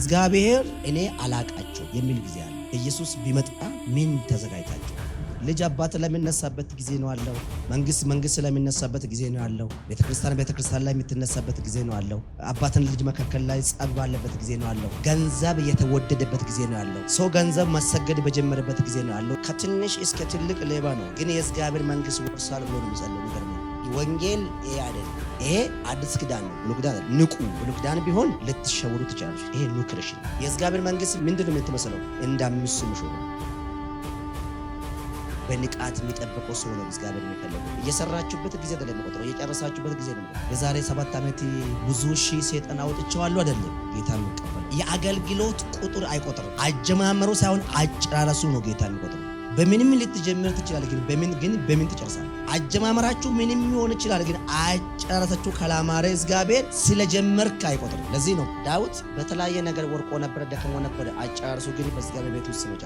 እግዚአብሔር እኔ አላቃቸው የሚል ጊዜ አለ። ኢየሱስ ቢመጣ ምን ተዘጋጅታቸው? ልጅ አባት ለሚነሳበት ጊዜ ነው አለው። መንግስት መንግስት ለሚነሳበት ጊዜ ነው አለው። ቤተክርስቲያን ቤተክርስቲያን ላይ የምትነሳበት ጊዜ ነው አለው። አባትን ልጅ መካከል ላይ ጸብ ባለበት ጊዜ ነው አለው። ገንዘብ የተወደደበት ጊዜ ነው አለው። ሰው ገንዘብ መሰገድ በጀመረበት ጊዜ ነው አለው። ከትንሽ እስከ ትልቅ ሌባ ነው፣ ግን የእግዚአብሔር መንግስት ወርሳል ብሎ ነው የሚጸልው። ወንጌል ይሄ አይደለም። ይሄ አዲስ ክዳን ነው። ብሉይ ኪዳን ንቁ። ብሉይ ኪዳን ቢሆን ልትሸውሩ ትችላለች። ይሄ ኑ ክርሽን የእግዚአብሔር መንግስት ምንድን ነው የምትመስለው? እንደ እንዳምስሉ ሽሮ በንቃት የሚጠብቀው ሰው ነው እግዚአብሔር የሚፈለጉ እየሰራችሁበት ጊዜ አይደለም ቆጥሮ እየጨረሳችሁበት ጊዜ ነው። የዛሬ ሰባት ዓመት ብዙ ሺህ ሰይጣን አውጥቼዋለሁ አይደለም ጌታ የሚቀበል የአገልግሎት ቁጥር አይቆጥርም። አጀማመሩ ሳይሆን አጨራረሱ ነው ጌታ የሚቆጥር በምንም ልትጀምር ትችላለህ፣ ግን በምን ግን በምን ትጨርሳል? አጀማመራችሁ ምንም ይሆን ይችላል፣ ግን አጨረሰችሁ ካላማረ እግዚአብሔር ስለጀመርክ አይቆጥርም። ለዚህ ነው ዳዊት በተለያየ ነገር ወርቆ ነበረ፣ ደክሞ ነበረ። አጨራረሱ ግን በእግዚአብሔር ቤት ውስጥ ነው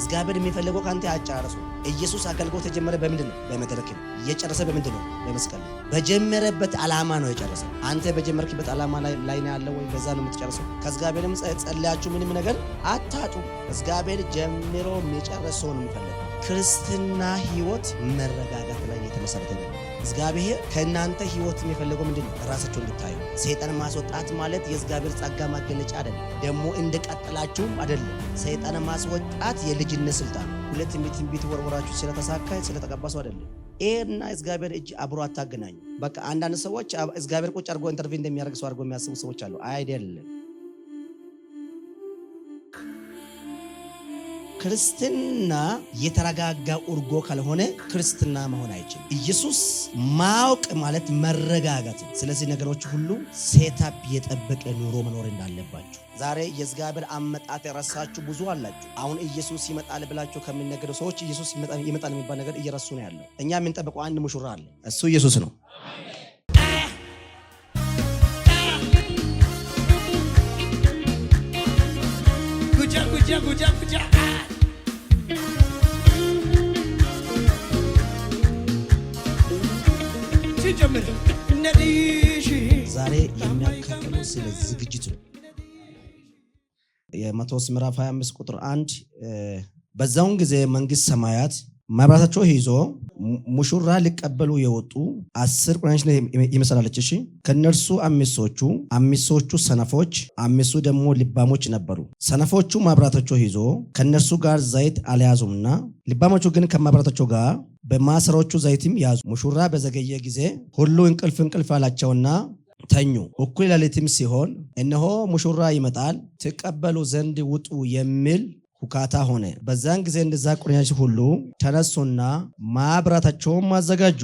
እግዚአብሔር የሚፈልገው ከአንተ አጨረሱ ኢየሱስ አገልግሎት የጀመረ በምንድን ነው? በመድረክ ነው። የጨረሰ በምንድን ነው? በመስቀል ነው። በጀመረበት ዓላማ ነው የጨረሰው። አንተ በጀመርክበት ዓላማ ላይ ነው ያለው ወይ? በዛ ነው የምትጨርሰው። ከእግዚአብሔርም ጸልያችሁ ምንም ነገር አታጡ። እግዚአብሔር ጀምሮ ነው የሚፈልገው ክርስትና ህይወት መረጋጋት ላይ የተመሰረተ ነው። እግዚአብሔር ከእናንተ ህይወት የሚፈልገው ምንድን ነው? ራሳቸው እንድታዩ። ሰይጣን ማስወጣት ማለት የእግዚአብሔር ጸጋ ማገለጫ አይደለም፣ ደግሞ እንደቀጠላችሁም አይደለም። ሰይጣን ማስወጣት የልጅነት ስልጣን። ሁለት ትንቢት ወርወራችሁ ስለተሳካ ስለተቀባሱ አይደለም። ኤርና እግዚአብሔር እጅ አብሮ አታገናኙ። በቃ አንዳንድ ሰዎች እግዚአብሔር ቁጭ አድርጎ ኢንተርቪው እንደሚያደርግ ሰው አድርጎ የሚያስቡ ሰዎች አሉ። አይደለም ክርስትና የተረጋጋ እርጎ ካልሆነ ክርስትና መሆን አይችልም። ኢየሱስ ማወቅ ማለት መረጋጋት። ስለዚህ ነገሮች ሁሉ ሴታፕ የጠበቀ ኑሮ መኖር እንዳለባቸው ዛሬ የእግዚአብሔር አመጣጥ የረሳችሁ ብዙ አላችሁ። አሁን ኢየሱስ ይመጣል ብላችሁ ከሚነገሩ ሰዎች ኢየሱስ ይመጣል የሚባል ነገር እየረሱ ነው ያለው። እኛ የምንጠብቀው አንድ ሙሽራ አለ፣ እሱ ኢየሱስ ነው። ጉጃ ጉጃ ጉጃ ጉጃ ዛሬ የሚያካክለው ስለ ዝግጅቱ የማቴዎስ ምዕራፍ 25 ቁጥር 1 በዛውን ጊዜ መንግሥት ሰማያት መብራታቸው ይዞ ሙሹራ ሊቀበሉ የወጡ አስር ቁናሽ ይመስላለች። እሺ ከነርሱ አምስቶቹ አምስቶቹ ሰነፎች፣ አምስቱ ደግሞ ልባሞች ነበሩ። ሰነፎቹ ማብራታቸው ይዞ ከነርሱ ጋር ዘይት አልያዙምና ልባሞቹ ግን ከማብራታቸው ጋር በማሰሮቹ ዘይትም ያዙ። ሙሹራ በዘገየ ጊዜ ሁሉ እንቅልፍ እንቅልፍ አላቸውና ተኙ። እኩል ሌሊትም ሲሆን እነሆ ሙሹራ ይመጣል፣ ትቀበሉ ዘንድ ውጡ የሚል ሁካታ ሆነ። በዛን ጊዜ እንደዛ ቁርኛች ሁሉ ተነሱና ማብራታቸውን አዘጋጁ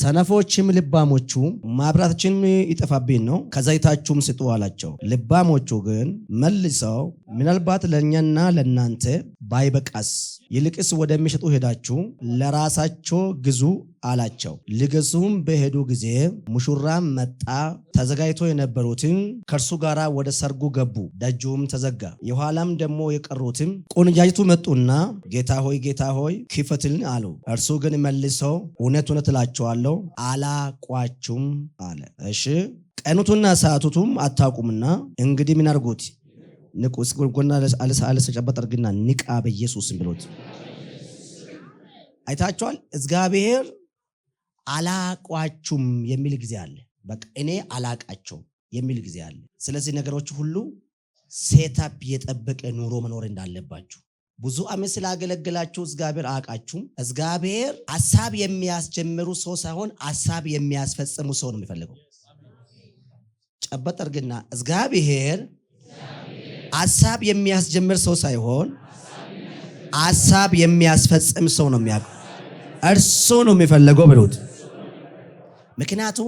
ሰነፎችም ልባሞቹ ማብራታችን ይጠፋብን ነው፣ ከዘይታችሁም ስጡ አላቸው። ልባሞቹ ግን መልሰው ምናልባት ለእኛና ለእናንተ ባይበቃስ ይልቅስ ወደሚሸጡ ሄዳችሁ ለራሳቸው ግዙ አላቸው። ሊገዙም በሄዱ ጊዜ ሙሽራም መጣ፣ ተዘጋጅቶ የነበሩትን ከእርሱ ጋር ወደ ሰርጉ ገቡ፣ ደጁም ተዘጋ። የኋላም ደግሞ የቀሩትም ቆንጃጅቱ መጡና ጌታ ሆይ ጌታ ሆይ ክፈትልን አሉ። እርሱ ግን መልሶ እውነት እውነት እላችኋለሁ አላቋችሁም አለ። እሺ ቀኑቱና ሰዓቱቱም አታውቁምና እንግዲህ ምን አድርጉት ንቁ። ጎና አልተጨበጥ አድርግና ንቃ በኢየሱስም ብሎት አይታችኋል። እግዚአብሔር አላቋችሁም የሚል ጊዜ አለ። በቃ እኔ አላቃቸውም የሚል ጊዜ አለ። ስለዚህ ነገሮች ሁሉ ሴታፕ የጠበቀ ኑሮ መኖር እንዳለባችሁ ብዙ ዓመት ስላገለግላችሁ እግዚአብሔር አያውቃችሁም። እግዚአብሔር ሀሳብ የሚያስጀምሩ ሰው ሳይሆን ሀሳብ የሚያስፈጽሙ ሰው ነው የሚፈልገው። ጨበጥ አድርግና እግዚአብሔር ሀሳብ የሚያስጀምር ሰው ሳይሆን ሀሳብ የሚያስፈጽም ሰው ነው የሚያ እርሱ ነው የሚፈለገው ብሉት። ምክንያቱ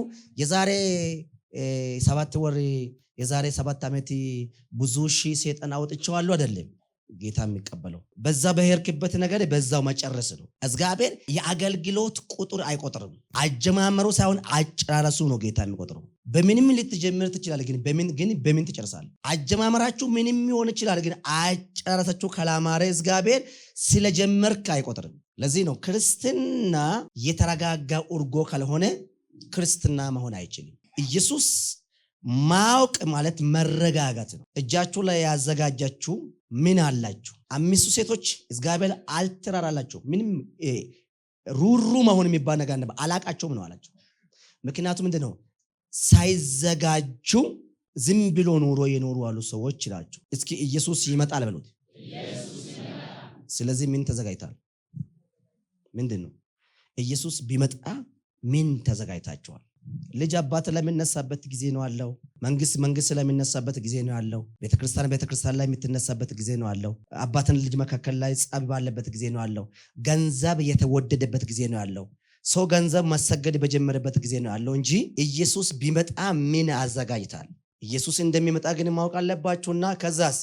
የዛሬ ሰባት ወር የዛሬ ሰባት ዓመት ብዙ ሺህ ሴጠን አውጥቼዋለሁ አይደለም ጌታ የሚቀበለው በዛ በሄርክበት ነገር በዛው መጨረስ ነው። እግዚአብሔር የአገልግሎት ቁጥር አይቆጥርም። አጀማመሩ ሳይሆን አጨራረሱ ነው ጌታ የሚቆጥረው። በምንም ልትጀምር ትችላል፣ ግን በምን ግን በምን ትጨርሳለህ? አጀማመራችሁ ምንም ሊሆን ይችላል፣ ግን አጨረሰችሁ ካላማረ እግዚአብሔር ስለጀመርክ አይቆጥርም። ለዚህ ነው ክርስትና የተረጋጋ እርጎ ካልሆነ ክርስትና መሆን አይችልም። ኢየሱስ ማወቅ ማለት መረጋጋት ነው። እጃችሁ ላይ ያዘጋጃችሁ ምን አላችሁ? አምስቱ ሴቶች እግዚአብሔር አልተራራላቸው ምንም ሩሩ መሆን የሚባል ነገር አላቃቸውም ነው አላቸው። ምክንያቱ ምንድን ነው? ሳይዘጋጁ ዝም ብሎ ኑሮ የኖሩ አሉ ሰዎች ይላቸው። እስኪ ኢየሱስ ይመጣል በሉት። ስለዚህ ምን ተዘጋጅታል? ምንድን ነው ኢየሱስ ቢመጣ ምን ተዘጋጅታቸዋል? ልጅ አባት ለሚነሳበት ጊዜ ነው አለው። መንግስት መንግስት ለሚነሳበት ጊዜ ነው አለው። ቤተክርስቲያን ቤተክርስቲያን ላይ የምትነሳበት ጊዜ ነው አለው። አባትን ልጅ መካከል ላይ ጸብ ባለበት ጊዜ ነው አለው። ገንዘብ የተወደደበት ጊዜ ነው አለው። ሰው ገንዘብ መሰገድ በጀመረበት ጊዜ ነው ያለው እንጂ ኢየሱስ ቢመጣ ምን አዘጋጅታል? ኢየሱስ እንደሚመጣ ግን ማወቅ አለባችሁና ከዛስ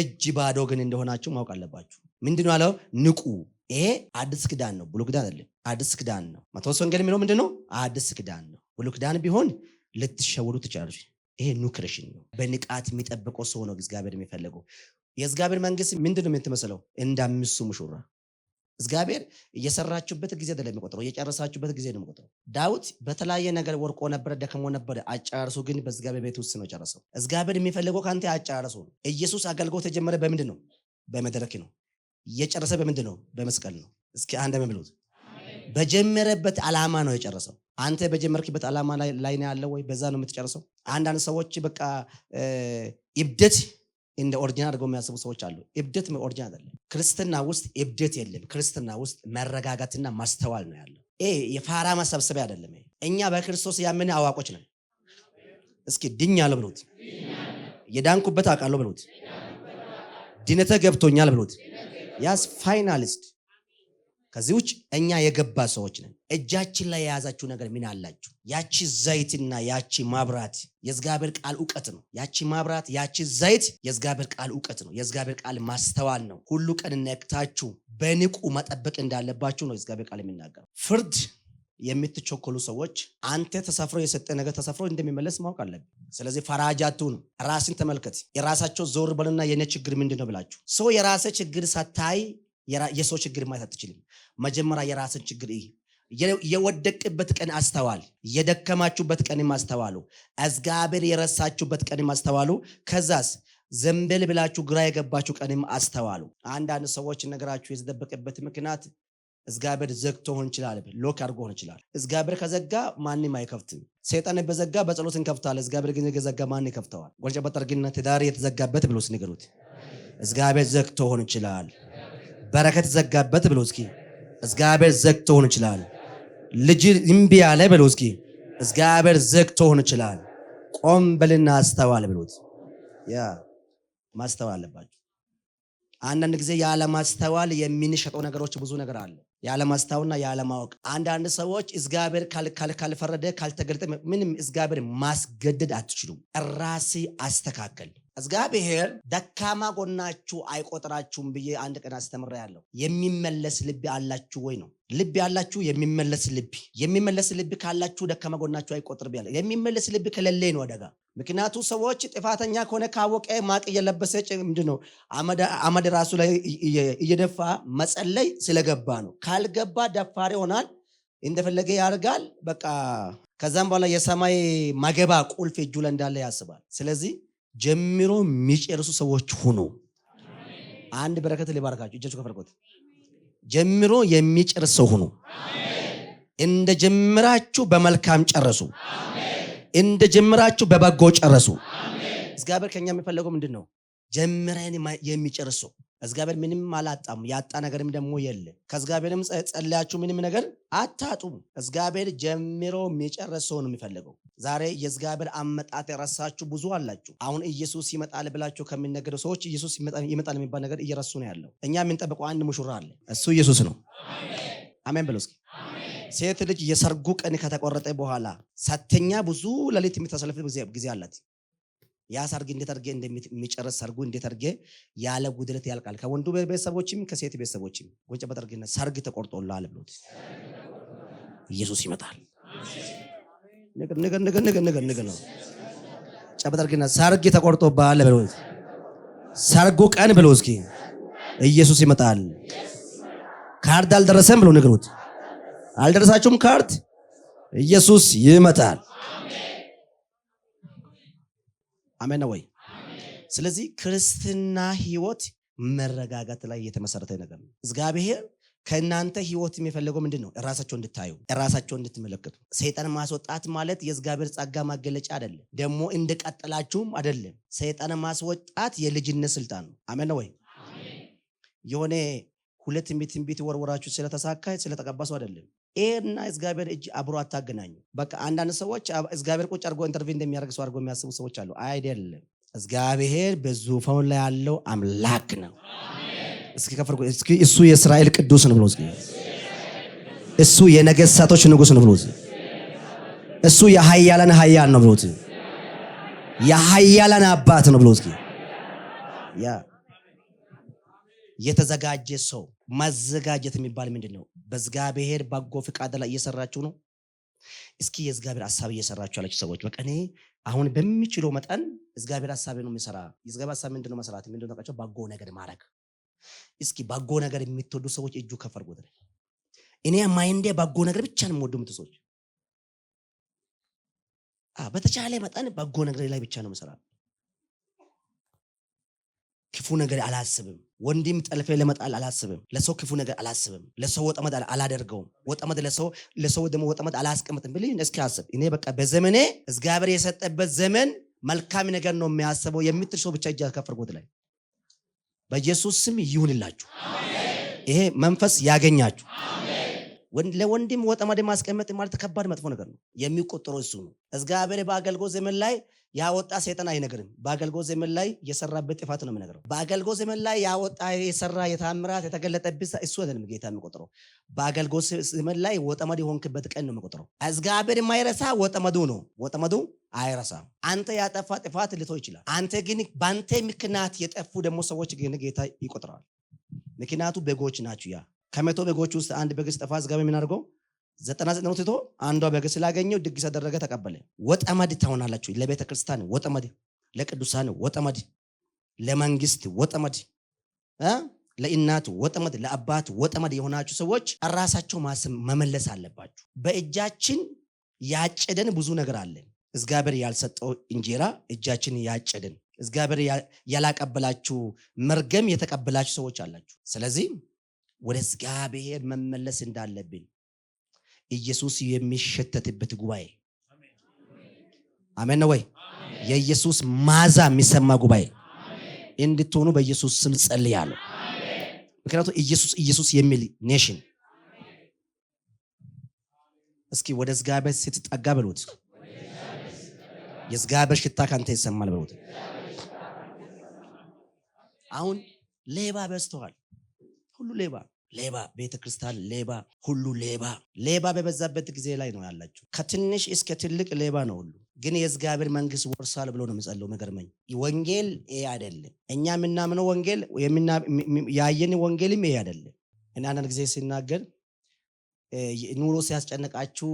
እጅ ባዶ ግን እንደሆናችሁ ማወቅ አለባችሁ። ምንድን ነው ያለው? ንቁ። ይሄ አዲስ ክዳን ነው፣ ብሉይ ክዳን አይደለም። አዲስ ክዳን ነው። ማቴዎስ ወንጌል የሚለው ምንድን ነው? አዲስ ክዳን ነው። ብሉይ ክዳን ቢሆን ልትሸወዱ ትችላላችሁ። ይሄ ኒው ነው። በንቃት የሚጠብቀው ሰው ነው እግዚአብሔር የሚፈልገው። የእግዚአብሔር መንግስት ምንድን ነው የምትመስለው? እንደ አምስቱ ሙሽራ እግዚአብሔር እየሰራችሁበት ጊዜ አይደለም የሚቆጥረው፣ እየጨረሳችሁበት ጊዜ ነው የሚቆጥረው። ዳዊት በተለያየ ነገር ወርቆ ነበረ፣ ደክሞ ነበረ። አጨራርሱ ግን በእግዚአብሔር ቤት ውስጥ ነው ጨረሰው። እግዚአብሔር የሚፈልገው ከአንተ አጨራርሱ ነው። ኢየሱስ አገልግሎት የጀመረ በምንድን ነው? በመድረክ ነው። እየጨረሰ በምንድን ነው? በመስቀል ነው። እስኪ አንድ ምብሉት። በጀመረበት ዓላማ ነው የጨረሰው። አንተ በጀመርክበት ዓላማ ላይ ነው ያለው ወይ? በዛ ነው የምትጨርሰው። አንዳንድ ሰዎች በቃ እብደት እንደ ኦሪጂናል አድርገው የሚያስቡ ሰዎች አሉ። እብደት ኦሪጂናል አይደለም። ክርስትና ውስጥ እብደት የለም። ክርስትና ውስጥ መረጋጋትና ማስተዋል ነው ያለው። ይሄ የፋራ መሰብሰቢያ አይደለም። እኛ በክርስቶስ ያምን አዋቆች ነን። እስኪ ድኛለሁ ብሎት የዳንኩበት አውቃለሁ ብሎት ድነተ ገብቶኛል ብሎት ያስ ፋይናሊስት ከዚህ ውጭ እኛ የገባ ሰዎች ነን። እጃችን ላይ የያዛችሁ ነገር ምን አላችሁ? ያቺ ዘይትና ያቺ ማብራት የእግዚአብሔር ቃል እውቀት ነው። ያቺ ማብራት ያቺ ዘይት የእግዚአብሔር ቃል እውቀት ነው። የእግዚአብሔር ቃል ማስተዋል ነው። ሁሉ ቀን ነቅታችሁ በንቁ መጠበቅ እንዳለባችሁ ነው የእግዚአብሔር ቃል የሚናገረው። ፍርድ የምትቸኮሉ ሰዎች አንተ ተሰፍሮ የሰጠ ነገር ተሰፍሮ እንደሚመለስ ማወቅ አለብ። ስለዚህ ፈራጃቱ ነው። ራስን ተመልከት። የራሳቸው ዞር በልና የነ ችግር ምንድን ነው ብላችሁ ሰው የራሰ ችግር ሳታይ የሰው ችግር ማየት አትችልም። መጀመሪያ የራስን ችግር እይ። የወደቅበት ቀን አስተዋል፣ የደከማችሁበት ቀንም አስተዋሉ፣ እግዚአብሔር የረሳችሁበት ቀንም አስተዋሉ። ከዛስ ዘንበል ብላችሁ ግራ የገባችሁ ቀንም አስተዋሉ። አንዳንድ ሰዎች ነገራችሁ የተደበቀበት ምክንያት እግዚአብሔር ዘግቶ ሆን ይችላል፣ ሎክ አድርጎ ሆን ይችላል። እግዚአብሔር ከዘጋ ማንም አይከፍትም። ሰይጣን በዘጋ በጸሎት እንከፍታለን። እግዚአብሔር ግን የዘጋ ማን ይከፍተዋል? ጎንጨ በጠርግና ትዳር የተዘጋበት ብሎስ ንገሩት። እግዚአብሔር ዘግቶ ሆን ይችላል። በረከት ዘጋበት ብሎ እስኪ እግዚአብሔር ዘግቶውን ይችላል። ልጅ እምቢ ያለ ብሎ እስኪ እግዚአብሔር ዘግቶውን ይችላል። ቆም በልና አስተዋል ብሎት ያ ማስተዋል አለባቸው። አንዳንድ ጊዜ ያለማስተዋል የሚንሸጠው ነገሮች ብዙ ነገር አለ። ያለማስተዋልና ያለማወቅ አንዳንድ ሰዎች እግዚአብሔር ካልፈረደ ካልተገለጠ ምንም እግዚአብሔር ማስገደድ አትችሉም። ራሴ አስተካከል እግዚአብሔር ደካማ ጎናችሁ አይቆጥራችሁም ብዬ አንድ ቀን ያለው የሚመለስ ልብ አላችሁ ወይ ነው። ልብ ያላችሁ የሚመለስ ልብ የሚመለስ ልብ ካላችሁ ደካማ ጎናችሁ አይቆጥርም ያለ የሚመለስ ልብ ከሌለ ነው አደጋ። ምክንያቱ ሰዎች ጥፋተኛ ከሆነ ካወቀ ማቅ እየለበሰ ምንድን ነው አመድ ራሱ ላይ እየደፋ መጸለይ ስለገባ ነው። ካልገባ ደፋር ይሆናል፣ እንደፈለገ ያደርጋል። በቃ ከዛም በኋላ የሰማይ ማገባ ቁልፍ እጁ ላይ እንዳለ ያስባል። ስለዚህ ጀምሮ የሚጨርሱ ሰዎች ሁኑ። አንድ በረከት ሊባርካችሁ። እጃችሁ ከፈርኩት ጀምሮ የሚጨርስ ሰው ሁኑ። እንደ ጀምራችሁ በመልካም ጨረሱ። እንደ ጀምራችሁ በበጎ ጨረሱ። እግዚአብሔር ከኛ የሚፈለገው ምንድን ነው? ጀምረን የሚጨርስ ሰው እግዚአብሔር ምንም አላጣም። ያጣ ነገርም ደግሞ የለ ከእግዚአብሔርም ጸለያችሁ ምንም ነገር አታጡም። እግዚአብሔር ጀምሮ የሚጨርስ ሰው ነው የሚፈልገው። ዛሬ የእግዚአብሔር አመጣት የረሳችሁ ብዙ አላችሁ። አሁን ኢየሱስ ይመጣል ብላችሁ ከሚነገረው ሰዎች ኢየሱስ ይመጣል የሚባል ነገር እየረሱ ነው ያለው። እኛ የምንጠብቀው አንድ ሙሽራ አለ፣ እሱ ኢየሱስ ነው። አሜን በሉ ሴት ልጅ የሰርጉ ቀን ከተቆረጠ በኋላ ሰተኛ ብዙ ለሌት የምታሳልፍ ጊዜ አላት። ያ ሰርግ እንዴት አድርጌ እንደሚጨርስ ሰርጉ እንዴት አድርጌ ያለ ጉድለት ያልቃል፣ ከወንዱ ቤተሰቦችም ከሴት ቤተሰቦችም ጎጨ በጠርግነት ሰርግ ተቆርጦላል ብሎት ኢየሱስ ይመጣል። ንገር ነው ጨበጠርግነት ሰርግ ተቆርጦባል ብሎት ሰርጉ ቀን ብሎ እስኪ ኢየሱስ ይመጣል። ካርድ አልደረሰም ብሎ ንገሩት። አልደረሳችሁም ካርድ ኢየሱስ ይመጣል። አሜን ወይ? ስለዚህ ክርስትና ህይወት መረጋጋት ላይ የተመሰረተ ነገር ነው። እግዚአብሔር ከእናንተ ህይወት የሚፈልገው ምንድን ነው? ራሳቸው እንድታዩ፣ ራሳቸው እንድትመለከቱ። ሰይጣን ማስወጣት ማለት የእግዚአብሔር ጸጋ ማገለጫ አይደለም፣ ደግሞ እንደቀጠላችሁም አይደለም። ሰይጣን ማስወጣት የልጅነት ስልጣን ነው። አሜን ወይ? የሆነ ሁለት ትንቢት ወርወራችሁ ስለተሳካ ስለተቀባሱ አይደለም። ኤርና እግዚአብሔር እጅ አብሮ አታገናኙ። በቃ አንዳንድ ሰዎች እግዚአብሔር ቁጭ አድርጎ ኢንተርቪው እንደሚያደርግ ሰው አድርጎ የሚያስቡ ሰዎች አሉ። አይደለም። እግዚአብሔር በዙፋን ላይ ያለው አምላክ ነው። እስኪ ከፍር እስኪ እሱ የእስራኤል ቅዱስ ነው ብሎ እሱ የነገሥታቶች ንጉሥ ነው ብሎ እሱ የኃያላን ኃያል ነው ብሎ የኃያላን አባት ነው ብሎ ያ የተዘጋጀ ሰው ማዘጋጀት የሚባል ምንድን ነው? በእግዚአብሔር በጎ ፍቃድ ላይ እየሰራችሁ ነው። እስኪ የእግዚአብሔር ሀሳብ እየሰራችሁ ያላችሁ ሰዎች በቃ እኔ አሁን በሚችለው መጠን እግዚአብሔር ሀሳብ ነው የሚሰራ። የእግዚአብሔር ሀሳብ ምንድነው ነው? መሰራት ምንድን ነው? በጎ ነገር ማድረግ። እስኪ በጎ ነገር የሚትወዱ ሰዎች እጁ ከፈር አድርጉ። እኔ ማይንዴ በጎ ነገር ብቻ ነው የምወዱ የምትሉ ሰዎች በተቻለ መጠን በጎ ነገር ላይ ብቻ ነው የምሰራ ክፉ ነገር አላስብም። ወንድም ጠልፌ ለመጣል አላስብም። ለሰው ክፉ ነገር አላስብም። ለሰው ወጠመድ አላደርገውም። ወጠመድ ለሰው ደግሞ ወጠመድ አላስቀምጥም ብል እስኪ አስብ። እኔ በቃ በዘመኔ እግዚአብሔር የሰጠበት ዘመን መልካም ነገር ነው የሚያስበው የምትል ሰው ብቻ እጅ ከፍርጎት ላይ በኢየሱስ ስም ይሁንላችሁ። ይሄ መንፈስ ያገኛችሁ። ለወንድም ወጠመድ ማስቀመጥ ማለት ከባድ መጥፎ ነገር ነው። የሚቆጠረው እሱ ነው። እግዚአብሔር በአገልግሎት ዘመን ላይ ያወጣ ሰይጣን አይነግርም። በአገልግሎት ዘመን ላይ የሰራበት ጥፋት ነው የምነግረው። በአገልግሎት ዘመን ላይ ያወጣ የሰራ የታምራት የተገለጠብህ እሱ አይደለም ጌታ የሚቆጥረው። በአገልግሎት ዘመን ላይ ወጠመድ የሆንክበት ቀን ነው የሚቆጥረው። እግዚአብሔር የማይረሳ ወጠመዱ ነው። ወጠመዱ አይረሳም። አንተ ያጠፋ ጥፋት ልቶ ይችላል። አንተ ግን በአንተ ምክንያት የጠፉ ደግሞ ሰዎች ግን ጌታ ይቆጥረዋል። ምክንያቱ በጎች ናቸው። ያ ከመቶ በጎች ውስጥ አንድ በግ ሲጠፋ እግዚአብሔር ምን ዘጠና ዘጠነው ትቶ አንዷ በግ ስላገኘው ድግስ አደረገ፣ ተቀበለ። ወጠመድ ትሆናላችሁ። ለቤተ ክርስቲያን ወጠመድ፣ ለቅዱሳን ወጠመድ፣ ለመንግስት ወጠመድ፣ ለእናት ወጠመድ፣ ለአባት ወጠመድ የሆናችሁ ሰዎች ራሳቸው ማሰብ መመለስ አለባችሁ። በእጃችን ያጨደን ብዙ ነገር አለ እግዚአብሔር ያልሰጠው እንጀራ እጃችን ያጨደን፣ እግዚአብሔር ያላቀበላችሁ መርገም የተቀበላችሁ ሰዎች አላችሁ። ስለዚህ ወደ እግዚአብሔር መመለስ እንዳለብን ኢየሱስ የሚሸተትበት ጉባኤ አሜን ነው ወይ? የኢየሱስ ማዛ የሚሰማ ጉባኤ እንድትሆኑ በኢየሱስ ስም ጸልያለሁ። ምክንያቱም ኢየሱስ ኢየሱስ የሚል ኔሽን እስኪ ወደ እግዚአብሔር ስትጠጋ በሉት፣ የእግዚአብሔር ሽታ ካንተ ይሰማል በሉት። አሁን ሌባ በዝተዋል፣ ሁሉ ሌባ ሌባ ቤተ ክርስቲያን ሌባ ሁሉ ሌባ ሌባ በበዛበት ጊዜ ላይ ነው ያላችሁ። ከትንሽ እስከ ትልቅ ሌባ ነው ሁሉ። ግን የእግዚአብሔር መንግስት ወርሷል ብሎ ነው የሚጸለው። መገርመኝ ወንጌል ይሄ አይደለም። እኛ የምናምነው ወንጌል ያየን ወንጌልም ይሄ አይደለም። እና አንዳንድ ጊዜ ሲናገር ኑሮ ሲያስጨንቃችሁ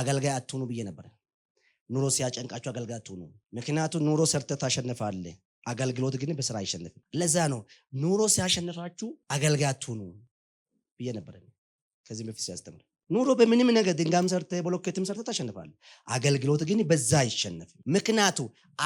አገልጋይ አትሆኑ ብዬ ነበር። ኑሮ ሲያጨንቃችሁ አገልጋይ አትሆኑ፣ ምክንያቱም ኑሮ ሰርተ ታሸንፋለህ አገልግሎት ግን በስራ አይሸንፍም። ለዛ ነው ኑሮ ሲያሸንፋችሁ አገልጋ ነው ብዬ ነበረ። ከዚህም በፊት ሲያስተምር ኑሮ በምንም ነገር ድንጋም ሰርተ ብሎኬትም ሰርተ ታሸንፋለ። አገልግሎት ግን በዛ አይሸንፍም። ምክንያቱ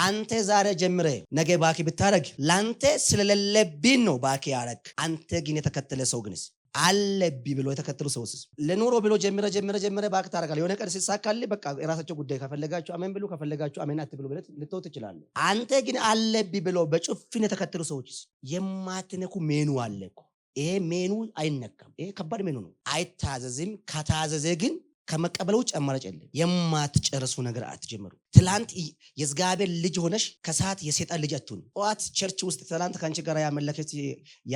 አንተ ዛሬ ጀምረ ነገ ባኪ ብታረግ ለአንተ ስለሌለብን ነው ባኪ ያረግ። አንተ ግን የተከተለ ሰው ግንስ አለብ ብሎ የተከተሉ ሰዎች ለኑሮ ብሎ ጀምረ ጀምረ ጀምረ በአክት አደርጋለሁ የሆነ ቀን ሲሳካል በቃ የራሳቸው ጉዳይ ከፈለጋቸው አሜን ብሎ ከፈለጋቸው አሜን ብሎ ብለት ልተው ትችላለ። አንተ ግን አለብ ብሎ በጭፍን የተከተሉ ሰዎች የማትነኩ ሜኑ አለ። ይሄ ሜኑ አይነካም። ይሄ ከባድ ሜኑ ነው፣ አይታዘዝም። ከታዘዘ ግን ከመቀበል ውጭ አማራጭ የለም። የማትጨርሱ ነገር አትጀምሩ። ትላንት የእግዚአብሔር ልጅ ሆነሽ ከሰዓት የሴጣን ልጅ አትሁን። ጠዋት ቸርች ውስጥ ትላንት ከአንቺ ጋር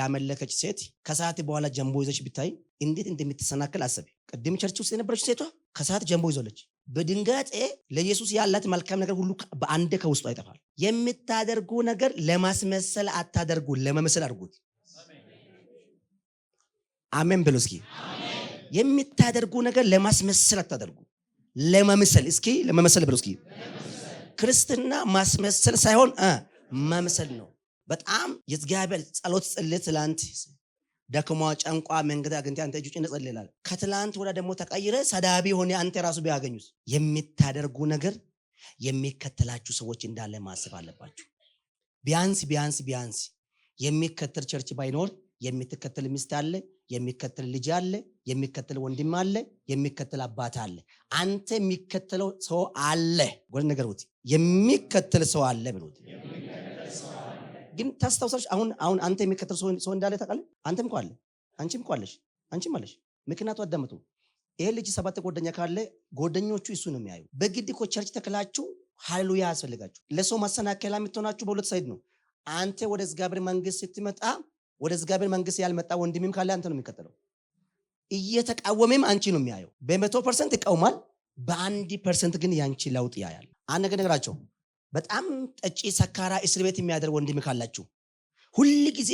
ያመለከች ሴት ከሰዓት በኋላ ጀንቦ ይዘች ብታይ እንዴት እንደምትሰናከል አሰብ። ቅድም ቸርች ውስጥ የነበረች ሴቷ ከሰዓት ጀንቦ ይዞለች። በድንጋጤ ለኢየሱስ ያላት መልካም ነገር ሁሉ በአንድ ከውስጧ ይጠፋል። የምታደርጉ ነገር ለማስመሰል አታደርጉ፣ ለመመሰል አድርጉት። አሜን ብሎ እስኪ የሚታደርጉ ነገር ለማስመሰል አታደርጉ። ለመምሰል እስኪ ለመመሰል ብሎ እስኪ ክርስትና ማስመሰል ሳይሆን መምሰል ነው። በጣም የእግዚአብሔር ጸሎት ጸልይ። ትላንት ደክሟ ጨንቋ መንገድ አግኝቼ አንተ እጅ ውጭ እንጸልላል። ከትላንት ወዲያ ደግሞ ተቀይረ ሰዳቢ ሆነ አንተ ራሱ ቢያገኙት የሚታደርጉ ነገር የሚከተላችሁ ሰዎች እንዳለ ማሰብ አለባችሁ። ቢያንስ ቢያንስ ቢያንስ የሚከተል ቸርች ባይኖር የሚትከተል ሚስት አለ የሚከተል ልጅ አለ፣ የሚከተል ወንድም አለ፣ የሚከተል አባት አለ። አንተ የሚከተለው ሰው አለ። ጎል ነገር የሚከተል ሰው አለ ብሎት ግን ታስታውሳች አሁን አሁን አንተ የሚከተል ሰው እንዳለ ታቃለ አንተም እኮ አንቺም እኮ አንቺም አለሽ። ምክንያቱ አዳምጡ። ይሄ ልጅ ሰባት ጓደኛ ካለ ጓደኞቹ እሱ ነው የሚያዩ። በግድ እኮ ቸርች ተክላችሁ ሃሌሉያ ያስፈልጋችሁ። ለሰው ማሰናከላ የምትሆናችሁ በሁለት ሳይድ ነው። አንተ ወደ እግዚአብሔር መንግስት ስትመጣ ወደ እግዚአብሔር መንግስት ያልመጣ ወንድምም ካለ አንተ ነው የሚከተለው። እየተቃወመም አንቺ ነው የሚያየው። በመቶ ፐርሰንት ይቃውማል፣ በአንድ ፐርሰንት ግን ያንቺ ለውጥ ያያል። አንድ ነገር በጣም ጠጪ፣ ሰካራ፣ እስር ቤት የሚያደርግ ወንድም ካላችሁ ሁል ጊዜ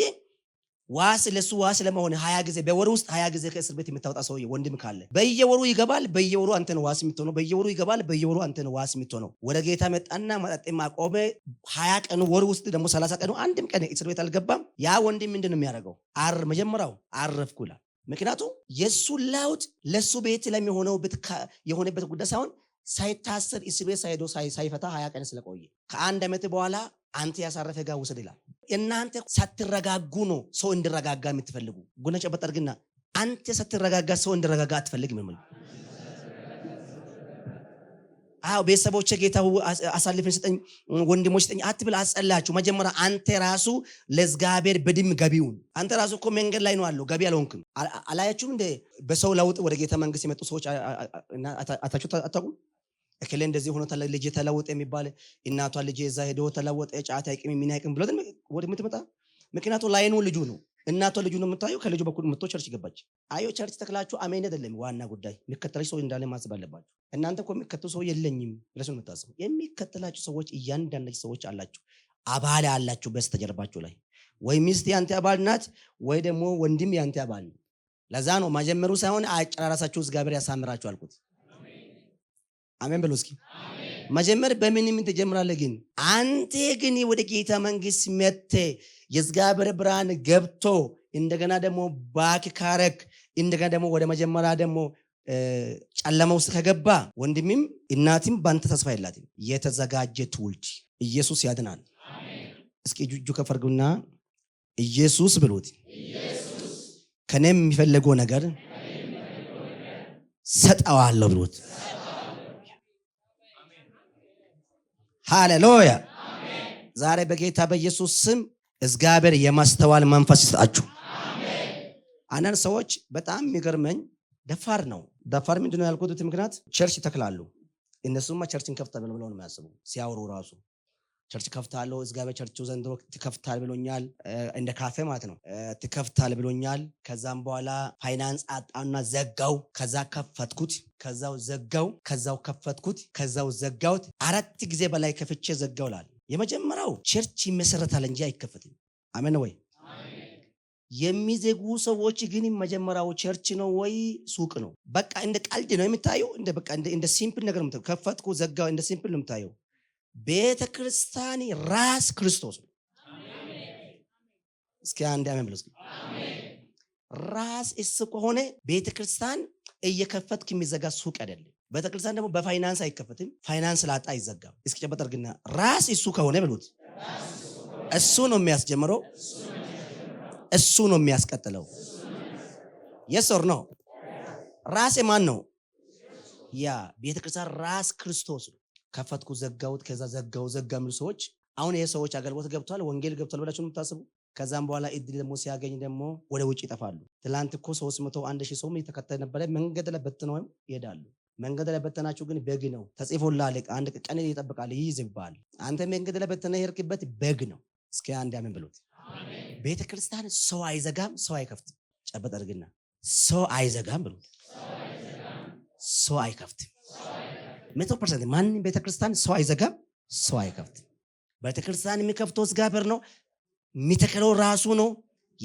ዋስ ለሱ ዋስ ለመሆን ሀያ ጊዜ በወር ውስጥ ሀያ ጊዜ ከእስር ቤት የምታወጣ ሰው ወንድም ካለ በየወሩ ይገባል። በየወሩ አንተን ዋስ የምትሆነው በየወሩ ይገባል። በየወሩ አንተን ዋስ የምትሆነው ወደ ጌታ መጣና መጠጥም ማቆመ ሀያ ቀኑ ወር ውስጥ ደግሞ ሰላሳ ቀኑ አንድም ቀን እስር ቤት አልገባም። ያ ወንድም ምንድን ነው የሚያደርገው? አር መጀመሪያው አረፍኩ ይላል። ምክንያቱም የእሱ ለውጥ ለእሱ ቤት ለሚሆነው የሆነበት ጉዳይ ሳይሆን ሳይታሰር እስር ቤት ሳይሄዶ ሳይፈታ ሀያ ቀን ስለቆየ ከአንድ ዓመት በኋላ አንተ ያሳረፈጋ ጋር ውሰድ ይላል። እናንተ ሳትረጋጉ ነው ሰው እንዲረጋጋ የምትፈልጉ። ጉነ ጨበጥ አድርግና አንተ ሳትረጋጋ ሰው እንዲረጋጋ አትፈልግም። ምን አዎ ቤተሰቦች ጌታ አሳልፈን ስጠኝ፣ ወንድሞች ስጠኝ አትብል። አጸላችሁ መጀመሪያ አንተ ራሱ ለእግዚአብሔር በድም ገቢውን አንተ ራሱ እኮ መንገድ ላይ ነው አለው ገቢ አልሆንክም። አላያችሁም እንደ በሰው ለውጥ ወደ ጌታ መንግስት የመጡ ሰዎች አታችሁ አታውቁም እክሌ እንደዚህ ሆኖ ልጅ ተለወጠ የሚባል እናቷ ልጅ የዛ ሄዶ ተለወጠ ጫት አይቅም የሚን ብሎ የምትመጣ ምክንያቱ ላይኑ ልጁ ነው። እናቷ ልጁ ነው የምታየው። ከልጁ በኩል ምቶ ቸርች ገባች። አዮ ቸርች ተክላችሁ አሜን አይደለም ዋና ጉዳይ የሚከተላችሁ ሰው እንዳለ ማሰብ አለባችሁ። እናንተ እኮ የሚከተሉ ሰው የለኝም ለሱ ነው የምታስቡ። የሚከተላችሁ ሰዎች እያንዳንዳችሁ ሰዎች አላችሁ፣ አባል አላችሁ በስተጀርባችሁ ላይ ወይ ሚስት ያንተ አባል ናት፣ ወይ ደግሞ ወንድም ያንተ አባል ነው። ለዛ ነው ማጀመሩ ሳይሆን አጨራራሳችሁ እግዚአብሔር ያሳምራችሁ አልኩት። አሜን በሎ እስኪ። መጀመር በምንም ትጀምራለህ፣ ግን አንተ ግን ወደ ጌታ መንግስት መጥተ የእግዚአብሔር ብርሃን ገብቶ እንደገና ደግሞ ባክ ካረክ እንደገና ደግሞ ወደ መጀመሪያ ደግሞ ጨለማ ውስጥ ከገባ ወንድሚም እናትም በአንተ ተስፋ የላትም። የተዘጋጀ ትውልድ ኢየሱስ ያድናል። እስኪ እጁ ከፈርግና ኢየሱስ ብሉት። ከኔም የሚፈለገው ነገር ሰጠዋለሁ ብሉት። ሃሌሉያ። ዛሬ በጌታ በኢየሱስ ስም እግዚአብሔር የማስተዋል መንፈስ ይስጣችሁ። አንዳንድ ሰዎች በጣም የሚገርመኝ ደፋር ነው። ደፋር ምንድነው ያልኩት ምክንያት ቸርች ይተክላሉ። እነሱማ ቸርችን ከፍታለን ብለው ነው የሚያስቡ ሲያወሩ ራሱ ቸርች ከፍታለሁ እዝጋቤ ቸርቹ ዘንድሮ ትከፍታል ብሎኛል። እንደ ካፌ ማለት ነው ትከፍታል ብሎኛል። ከዛም በኋላ ፋይናንስ አጣና ዘጋው። ከዛ ከፈትኩት፣ ከዛው ዘጋው፣ ከዛው ከፈትኩት፣ ከዛው ዘጋውት። አራት ጊዜ በላይ ከፍቼ ዘጋው ላል የመጀመሪያው ቸርች ይመሰረታል እንጂ አይከፈትም። አሜን ወይ? የሚዘጉ ሰዎች ግን መጀመሪያው ቸርች ነው ወይ ሱቅ ነው? በቃ እንደ ቀልድ ነው የምታየው እንደ በቃ እንደ ሲምፕል ነገር ነው። ከፈትኩ ዘጋው፣ እንደ ሲምፕል ነው የምታየው ቤተ ክርስቲያን ራስ ክርስቶስ ነው። እስኪ አንድ አሜን ብለስ ራስ እሱ ከሆነ ቤተ ክርስቲያን እየከፈትክ የሚዘጋ ሱቅ አይደለም። ቤተ ክርስቲያን ደግሞ በፋይናንስ አይከፈትም፣ ፋይናንስ ላጣ አይዘጋም። እስኪ ጨበጥ አድርግና ራስ እሱ ከሆነ ብሉት። እሱ ነው የሚያስጀምረው፣ እሱ ነው የሚያስቀጥለው። የሶር ነው ራስ የማን ነው? ያ ቤተ ክርስቲያን ራስ ክርስቶስ ነው። ከፈትኩ ዘጋውት ከዛ ዘጋው ዘጋ የሚሉ ሰዎች አሁን ይሄ ሰዎች አገልግሎት ገብቷል፣ ወንጌል ገብቷል ብላችሁ ነው የምታስቡ። ከዛም በኋላ እድል ደግሞ ሲያገኝ ደግሞ ወደ ውጭ ይጠፋሉ። ትላንት እኮ ሶስት መቶ አንድ ሺህ ሰውም የተከተለ ነበረ። መንገድ ላይ በትነው ይሄዳሉ። መንገድ ላይ በተናችሁ ግን በግ ነው ተጽፎላል። አንድ ቀን ይጠብቃል ይይዝብሃል። አንተ መንገድ ላይ በተነ ሄድክበት በግ ነው። እስኪ አንድ አሜን ብሉት። ቤተ ክርስቲያን ሰው አይዘጋም፣ ሰው አይከፍትም። ጨበጥ አድርግና ሰው አይዘጋም ብሉት። ሰው አይከፍትም መቶ ፐርሰንት ማንም ቤተክርስቲያን ሰው አይዘጋም፣ ሰው አይከፍትም። ቤተክርስቲያን የሚከፍተው እግዚአብሔር ነው። የሚተክለው ራሱ ነው።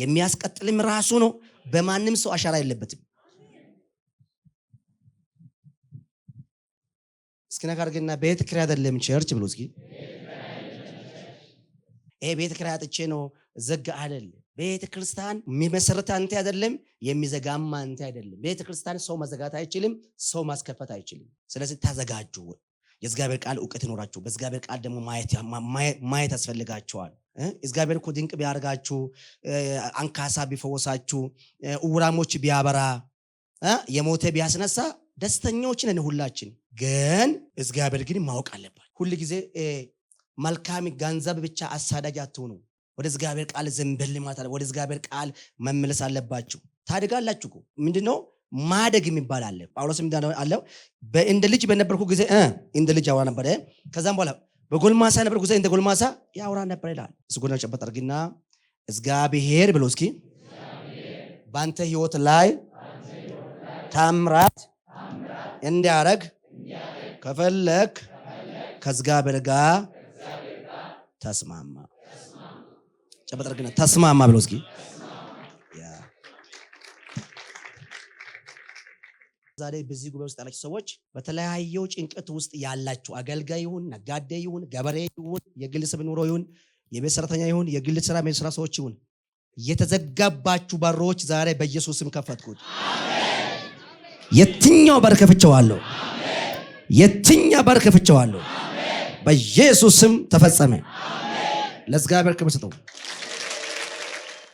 የሚያስቀጥልም ራሱ ነው። በማንም ሰው አሻራ የለበትም። እስኪ ነገር ግና ቤት ኪራይ አይደለም ቸርች ብሎ እስኪ ይሄ ቤት ኪራይ አጥቼ ነው ዘጋ አለል ቤተ ክርስቲያን የሚመሰረት አንተ አይደለም፣ የሚዘጋም አንተ አይደለም። ቤተ ክርስቲያን ሰው መዘጋት አይችልም፣ ሰው ማስከፈት አይችልም። ስለዚህ ታዘጋጁ። የእግዚአብሔር ቃል እውቀት ይኖራችሁ፣ በእግዚአብሔር ቃል ደግሞ ማየት ያስፈልጋቸዋል። እግዚአብሔር እኮ ድንቅ ቢያደርጋችሁ፣ አንካሳ ቢፈወሳችሁ፣ እውራሞች ቢያበራ፣ የሞተ ቢያስነሳ ደስተኞች ነን ሁላችን። ግን እግዚአብሔር ግን ማወቅ አለባት። ሁል ጊዜ መልካም ገንዘብ ብቻ አሳዳጅ አትሆኑ። ወደ እግዚአብሔር ቃል ዘንበል ማለት አለ ወደ እግዚአብሔር ቃል መመለስ አለባችሁ። ታድጋላችሁ። ምንድነው ማደግ የሚባል አለ። ጳውሎስ አለው እንደ ልጅ በነበርኩ ጊዜ እንደ ልጅ አውራ ነበረ፣ ከዛም በኋላ በጎልማሳ ነበርኩ ጊዜ እንደ ጎልማሳ ያውራ ነበር ይላል። እስጎና ጨበጥ አርግና እግዚአብሔር ብሎ እስኪ በአንተ ህይወት ላይ ታምራት እንዲያረግ ከፈለክ ከእግዚአብሔር ጋር ተስማማ። ጨበጥ አድርግና ተስማማ ብለው እስኪ ዛሬ በዚህ ጉባኤ ውስጥ ያላችሁ ሰዎች በተለያየው ጭንቀት ውስጥ ያላችሁ አገልጋይ ይሁን ነጋዴ ይሁን ገበሬ ይሁን የግለሰብ ኑሮ ይሁን የቤት ሰራተኛ ይሁን የግል ስራ ቤት ስራ ሰዎች ይሁን የተዘጋባችሁ በሮች ዛሬ በኢየሱስ ስም ከፈትኩት። የትኛው በር ከፍቼዋለሁ? የትኛ በር ከፍቼዋለሁ? በኢየሱስ ስም ተፈጸመ። ለእግዚአብሔር ክብር ስጠው።